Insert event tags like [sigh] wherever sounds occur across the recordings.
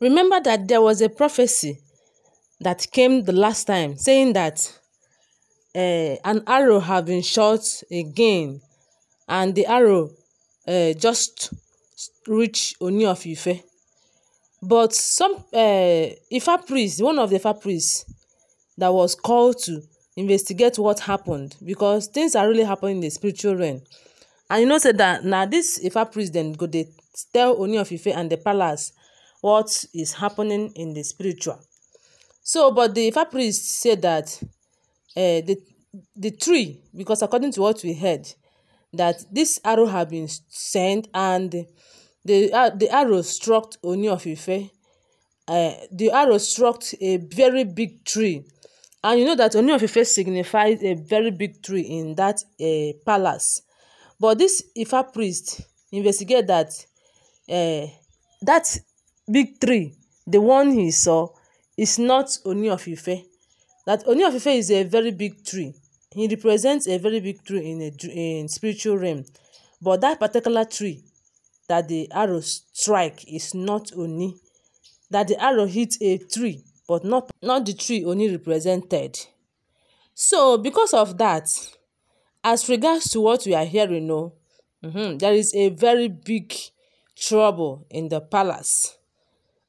Remember that there was a prophecy that came the last time saying that uh, an arrow had been shot again and the arrow uh, just reached Oni of Ife. But some uh, Ifa priest, one of the Ifa priests that was called to investigate what happened because things are really happening in the spiritual realm. And you know, say that now this Ifa priest then go they tell Oni of Ife and the palace what is happening in the spiritual. So, but the Ifa priest said that uh, the the tree, because according to what we heard, that this arrow had been sent and the uh, the arrow struck Oni of Ife. Uh, eh, the arrow struck a very big tree, and you know that Oni of Ife signifies a very big tree in that uh, palace. But this Ifa priest investigated that uh, that big three the one he saw is not Oni of Ife. That Oni of Ife is a very big tree. He represents a very big tree in a in spiritual realm. But that particular tree that the arrow strike is not Oni. That the arrow hit a tree, but not not the tree Oni represented. So because of that, as regards to what we are hearing, no, mm-hmm, there is a very big trouble in the palace.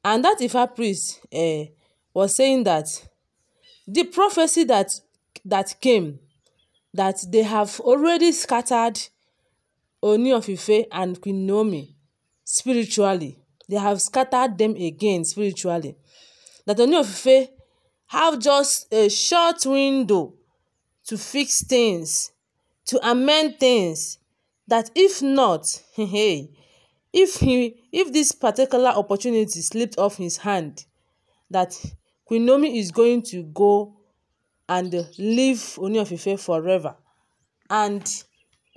And that Ifa priest um was saying that the prophecy that that came that they have already scattered Ooni of Ife and Queen Naomi spiritually. They have scattered them again spiritually. That Ooni of Ife have just a short window to fix things, to amend things, that if not, [laughs] hey, If he if this particular opportunity slipped off his hand, that Quinomi is going to go and leave Ooni forever, and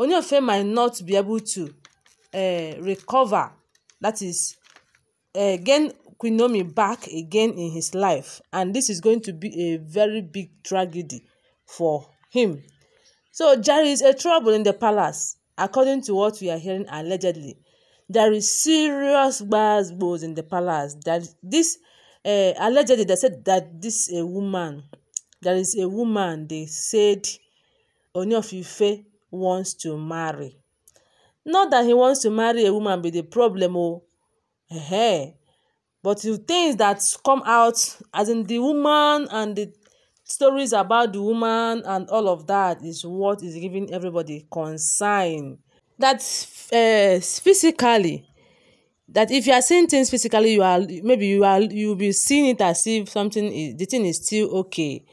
Ooni might not be able to uh, recover, that is, uh, gain Quinomi back again in his life, and this is going to be a very big tragedy for him. So Jerry is a trouble in the palace, according to what we are hearing allegedly. there is serious gbas-gbos in the palace that this uh, allegedly they said that this a eh, woman there is a woman they said Ooni of Ife wants to marry not that he wants to marry a woman be the problem o oh. uh but the things that come out as in the woman and the stories about the woman and all of that is what is giving everybody concern that uh, physically that if you are seeing things physically you are maybe you are you will be seeing it as if something is the thing is still okay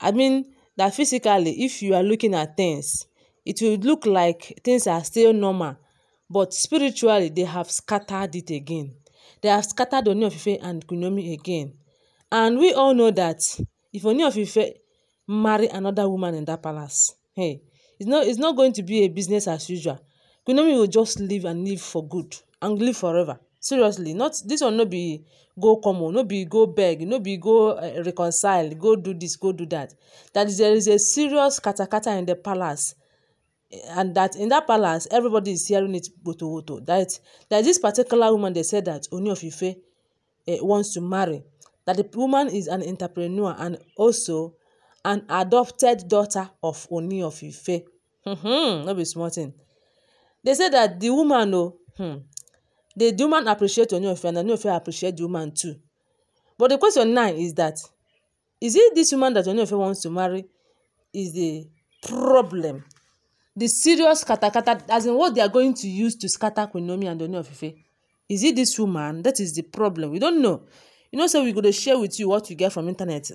i mean that physically if you are looking at things it will look like things are still normal but spiritually they have scattered it again they have scattered Oni of Ife and Kunomi again and we all know that if Oni of Ife marry another woman in that palace hey it's not it's not going to be a business as usual Kunomi will just live and live for good and live forever. Seriously, not this one no be go come on, no be go beg, no be go eh, reconcile, go do this, go do that. That is, there is a serious katakata in the palace. Eh, and that in that palace, everybody is hearing it woto woto. That, that this particular woman, they said that Oni of Ife eh, wants to marry. That the woman is an entrepreneur and also an adopted daughter of Oni of Ife. Mm-hmm, no be small thing they say that the woman o oh, hmm, the, the woman appreciate Oniofe and Oniofe appreciate the woman too but the question now is that is it this woman that Oniofe wants to marry is the problem the serious katakata as in what they are going to use to scatter Queen Naomi and Oniofe is it this woman that is the problem we don't know you know say so we go dey share with you what you get from internet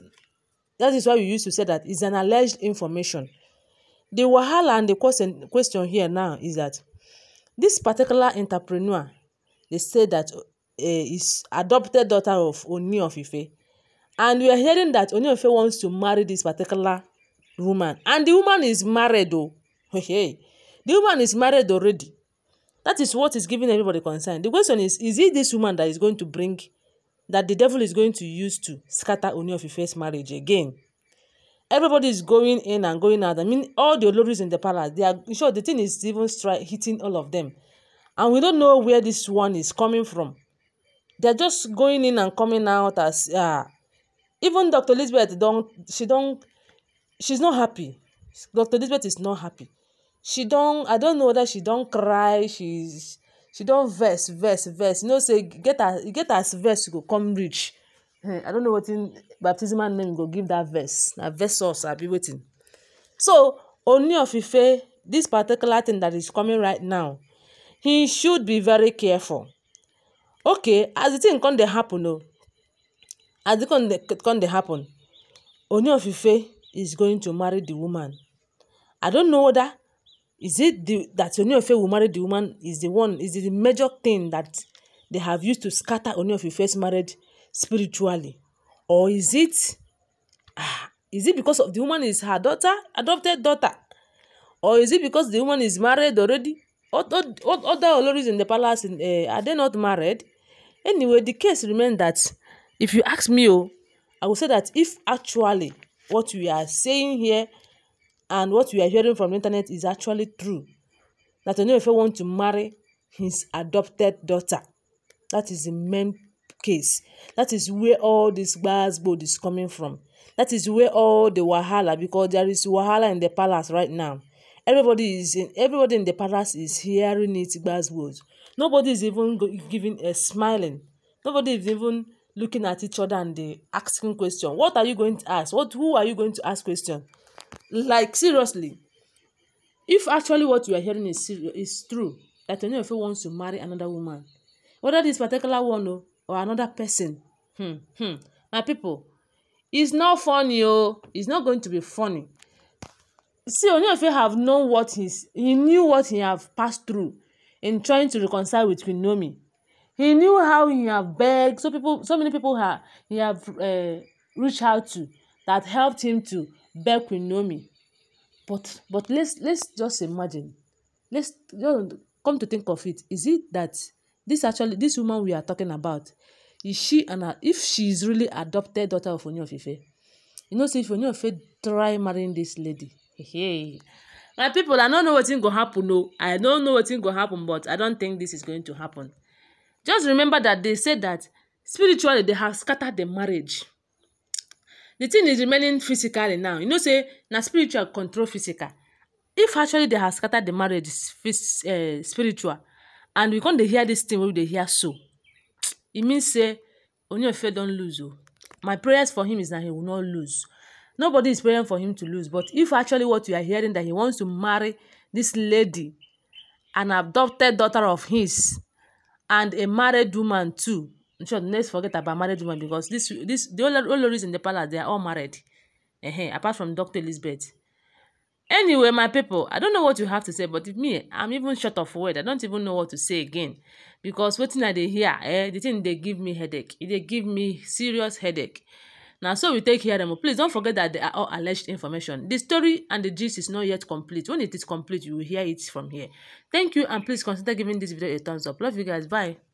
that is why we used to say that it's an alleged information the wahala and the question question here now is that This particular entrepreneur dey say dat eh, is adopted daughter of Oni of Ife. And we are hearing that Oni of Ife wants to marry this particular woman. And the woman is married though. Okay. The woman is married already. That is what is giving everybody concern. The question is, is it this woman that is going to bring, that the devil is going to use to scatter Oni of Ife's marriage again? everybody is going in and going out. I mean, all the lorries in the palace, they are sure the thing is even strike hitting all of them. And we don't know where this one is coming from. They're just going in and coming out as uh, even Dr. Elizabeth don't she don't she's not happy. Dr. Elizabeth is not happy. She don't I don't know that she don't cry, she's she don't verse, verse, verse. You know, say get as get as verse go come reach. Eh, i don't know what in baptismal name go give that verse That verse I'll be waiting. so oni of ife this particular thing that is coming right now he should be very careful okay as the thing come dey happen o as the thing come dey happen oni of ife is going to marry the woman i don't know whether is it the that Oniofe will marry the woman is the one is the major thing that they have used to scatter Oniofe first marriage spiritually or is it ah is it because of the woman is her daughter adopted daughter or is it because the woman is married already what what other oloris in the palace in, uh, are they not married anyway the case remain that if you ask me oh i go say that if actually what we are saying here and what we are hearing from the internet is actually true that onoyefe want to marry his adopted daughter that is the main case. That is where all this buzzword is coming from. That is where all the wahala, because there is wahala in the palace right now. Everybody is in, everybody in the palace is hearing it buzzword. Nobody is even giving a smiling. Nobody is even looking at each other and they asking question. What are you going to ask? What who are you going to ask question? Like seriously, if actually what you are hearing is is true, that you wants to marry another woman, whether this particular one, or. Oh, or another person. Hmm, hmm. My people, it's not funny, oh. It's not going to be funny. See, Onyefe have known what he's, he knew what he have passed through in trying to reconcile with Queen He knew how he have begged, so people, so many people have, he have uh, reached out to that helped him to beg Queen But but let's let's just imagine. Let's just come to think of it. Is it that This actually, this woman we are talking about, is she and her, if she is really adopted daughter of Ooni you know, say if Ooni try marrying this lady, hey, my people, I don't know what's going to happen. No, oh. I don't know what's going to happen, but I don't think this is going to happen. Just remember that they said that spiritually they have scattered the marriage. The thing is remaining physically now. You know, say na spiritual control physical. If actually they have scattered the marriage uh, spiritual, and we come dey hear this thing wey we dey hear so e mean say onyefe don lose o my prayers for him is that he will not lose nobody is praying for him to lose but if actually what you are hearing that he wants to marry this lady an adopted daughter of his and a married woman too in short let's forget about married woman because this this the only only reason the palace they are all married uh -huh, apart from Dr. Elizabeth Anyway, my people, I don't know what you have to say, but if me, I'm even short of word. I don't even know what to say again. Because wetin I dey hear, eh, the thing they give me headache. They e give me serious headache. Now, so we take hear them. Please don't forget that they are all alleged information. The story and the gist is not yet complete. When it is complete, you will hear it from here. Thank you and please consider giving this video a thumbs up. Love you guys. Bye.